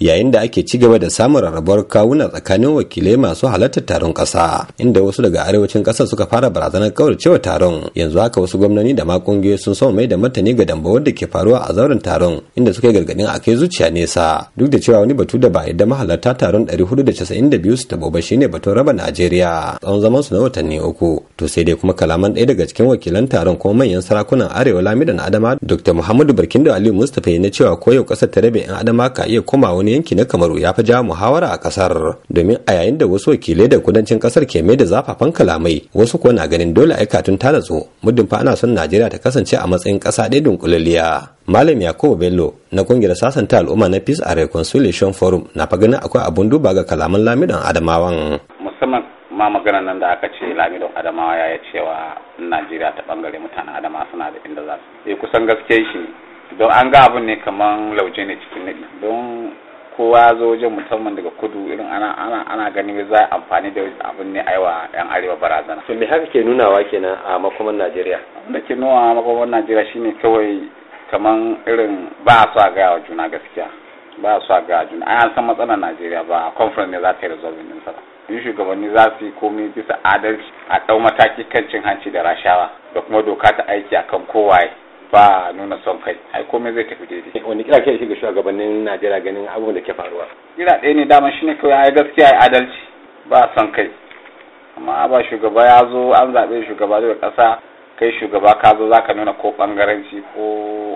yayin da ake ci gaba da samun rarrabuwar kawuna tsakanin wakilai masu halartar taron ƙasa inda wasu daga arewacin ƙasa suka fara barazanar kauracewa taron yanzu haka wasu gwamnoni da makungiyoyi sun sama mai da martani ga dambawar da ke faruwa a zauren taron inda suka yi gargaɗin a kai zuciya nesa duk da cewa wani batu da ba yadda mahalarta taron 492 su tabo ba shine batun raba Najeriya tsawon zaman su na watanni uku to sai dai kuma kalaman ɗaya daga cikin wakilan taron kuma manyan sarakunan arewa lamidan adama dr muhammadu barkindo aliyu mustapha na cewa ko yau ƙasar ta rabe yan adama ka iya koma wani yanki na kamaru ya fi jawo muhawara a ƙasar domin a yayin da wasu wakilai da kudancin ƙasar ke mai da zafafan kalamai wasu kuwa na ganin dole aikatun ta natsu muddin fa ana son najeriya ta kasance a matsayin ƙasa ɗaya dunkulaliya Malam Yakubu Bello na kungiyar sasanta al'umma na Peace and Reconciliation Forum na fa ganin akwai abun duba ga kalaman lamidan Adamawan. Musamman ma maganar nan da aka ce lamido adamawa ya yi cewa najeriya ta bangare mutanen Adama suna da inda za su yi. Eh, kusan gaske shi don an ga abin ne kaman lauje ne cikin nadi don kowa zo wajen musamman daga kudu irin ana ana ana gani za amfani da abin ne aiwa yan arewa barazana to me haka ke nunawa kenan a makoman najeriya da ke nuna a makoman najeriya shine kawai kaman irin ba so a gaya wa juna gaskiya ba so a gaya juna an san matsalar najeriya ba a conference ne za ta yi resolving din sa in shugabanni za su yi komai bisa adalci a ɗau mataki kan cin hanci da rashawa da kuma doka ta aiki akan kowaye ba nuna son kai ai komai zai tafi daidai eh, wani kira ke shiga shugabannin najeriya ganin abubuwan da ke faruwa kira ɗaya ne dama shine kawai ai gaskiya ai adalci ba son kai amma ba shugaba ya zo an zaɓe shugaba daga ƙasa kai shugaba ka zo zaka nuna ko bangaranci ko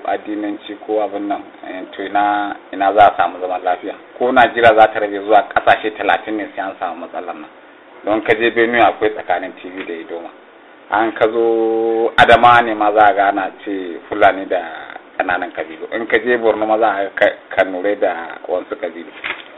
addinanci ko abin nan eh, to ina ina za a samu zaman lafiya ko najeriya za ta rage zuwa kasashe talatin ne sai an samu matsalar nan don ka je benue akwai tsakanin tv da idoma an ka zo adama ne ma za a gana ce fulani da kananan kabilu in ka je borno ma za a kanure da wasu kabilu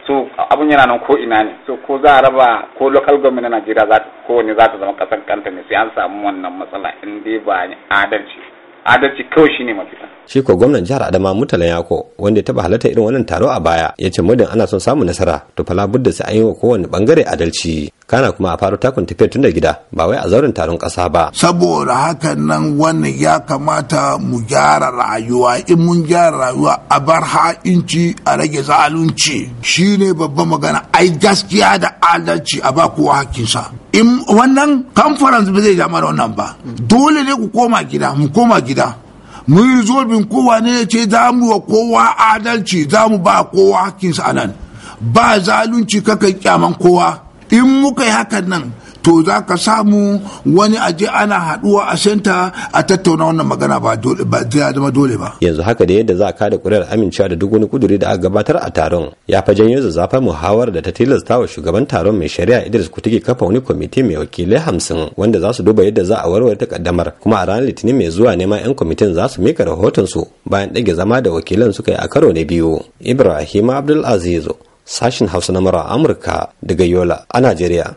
so abun yana nan ko ina ne so ko za a raba ko local government na Najeriya za ko ne za ta zama kasar kanta ne sai an samu wannan matsala in dai ba adalci adalci kawai shine mafita shi ko gwamnan jihar Adama Murtala Yako wanda ya taba halarta irin wannan taro a baya ya ce mudin ana son samun nasara to fa labudda sai an yi wa kowane bangare adalci kana kuma a faru takun tafiyar tun da gida ba wai a zauren taron ƙasa ba. saboda hakan nan wannan ya kamata mu gyara rayuwa in mun gyara rayuwa a bar ha'inci a rage zalunci Shi ne babban magana ai gaskiya da adalci a ba kowa hakinsa in wannan conference ba zai zama da wannan ba dole ne ku koma gida mu koma gida mu yi zobin kowa ne ce za mu wa kowa adalci za mu ba kowa hakinsa a nan ba zalunci kakan kyaman kowa in muka yi hakan nan to za ka samu wani aje ana haduwa a senta a tattauna wannan magana ba zai zama dole ba yanzu haka da yadda za ka da kuriyar amincewa da duk wani kuduri da aka gabatar a taron ya fa janyo zazzafar muhawar da ta tilasta wa shugaban taron mai shari'a Idris Kutuki kafa wani kwamiti mai wakilai hamsin wanda za su duba yadda za a warware takaddamar kuma a ranar litinin mai zuwa neman yan kwamitin za su mika rahoton su bayan ɗage zama da wakilan suka yi a karo na biyu Ibrahim Abdul Sashen hausa na mara amurka daga yola a najeriya